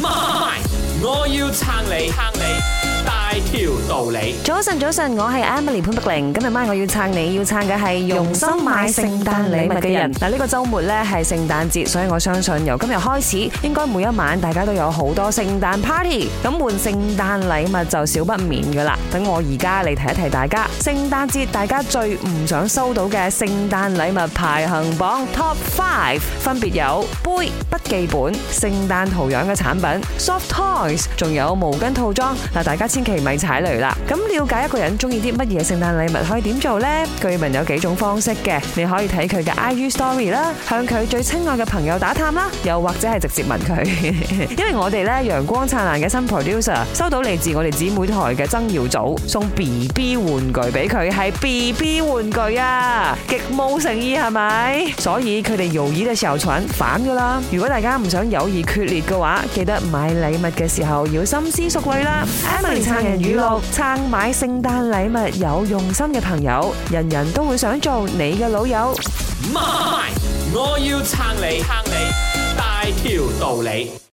MY，My. 我要撐你。撐你。大條道理，早晨早晨，我係 Emily 潘碧玲。今日晚我要撐你要撐嘅係用心買聖誕禮物嘅人。嗱，呢個周末呢係聖誕節，所以我相信由今日開始，應該每一晚大家都有好多聖誕 party。咁換聖誕禮物就少不免噶啦。等我而家嚟，提一提大家，聖誕節大家最唔想收到嘅聖誕禮物排行榜 Top Five，分別有杯、筆記本、聖誕圖樣嘅產品、soft toys，仲有毛巾套裝。嗱，大家。千祈咪踩雷啦！咁了解一個人中意啲乜嘢聖誕禮物可以點做咧？據聞有幾種方式嘅，你可以睇佢嘅 IG Story 啦，向佢最親愛嘅朋友打探啦，又或者係直接問佢。因為我哋咧陽光燦爛嘅新 producer 收到嚟自我哋姊妹台嘅曾瑤祖送 B B 玩具俾佢，係 B B 玩具啊，極冇誠意係咪？所以佢哋友誼都受損反噶啦！如果大家唔想友誼決裂嘅話，記得買禮物嘅時候要深思熟慮啦，Emily。撐人語錄，撐買聖誕禮物有用心嘅朋友，人人都會想做你嘅老友。My，我要撐你，撐你，大條道理。